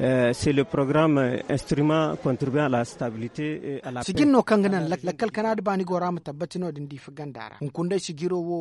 Euh, c'est le programme euh, instrument contribuant à la stabilité et à la paix. sigin no kangana lakkal kanad bani go ram din di fagandara kun sigiro wo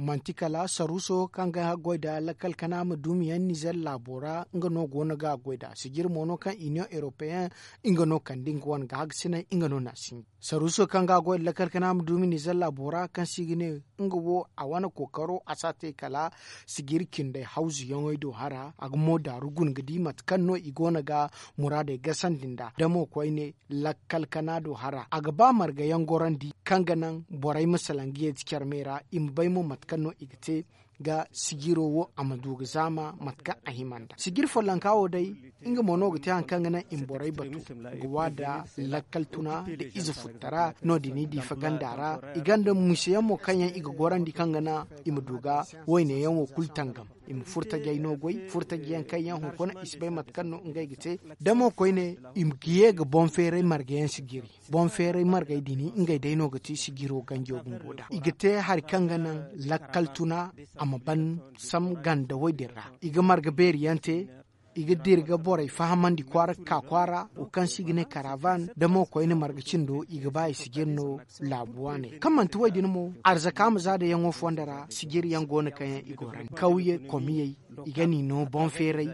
mantikala saruso kanga goida lakal kana mudumi yan nizel labora inga no gona ga goida sigir mono kan union européen inga no kan ding wan ga sina inga no na sin saruso kanga goida lakal kana mudumi nizel labora kan sigine inga wo awana kokaro asate kala sigir kinde house yongoi do hara agmo da rugun gidi mat kan no igona ga murade gasan dinda damo koine lakal kana do hara agba marga yan gorandi kanga nan borai masalangiye tikyar mera imbai mu mat kano igite ga sigiro wo amaduga zama matka ahimanda sigir folankawo dai inga mono ga tan kangana imborai batu gwada lakaltuna da izu futtara no dini di fagandara iganda musiyan mo kanyan iga gorandi kangana imaduga woine yan wo kultangam im furta jay no goy furta jiyan kanyan hun kona isbay matkanno ngay gite damo koyne im giye ga bonfere margayan sigiri bonfere margay dini ingay dai no gati sigiro ganjo gumboda igite har kangana lakaltuna am ma ban sam ganda wodirra iga marga beriyante iga dirga borai di kwara ka kwara ukan sigine karavan da mo ko ina marga do iga bai sigenno labuane kaman tuwai dinmo arzaka mu zada yango fondara sigir yango na kan igoran kauye komiyai igani no bon ferai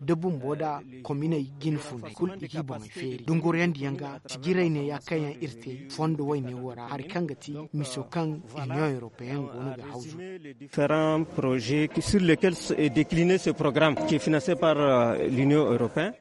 da boda komina igin funde kul igi bon feri dungur yandi yanga tigirai ne ya kayan irte fondo wai ne wara har kanga ti misokan union européen gonu ga hausu différents projets sur lesquels est décliné ce programme qui est financé par euh, l'union européenne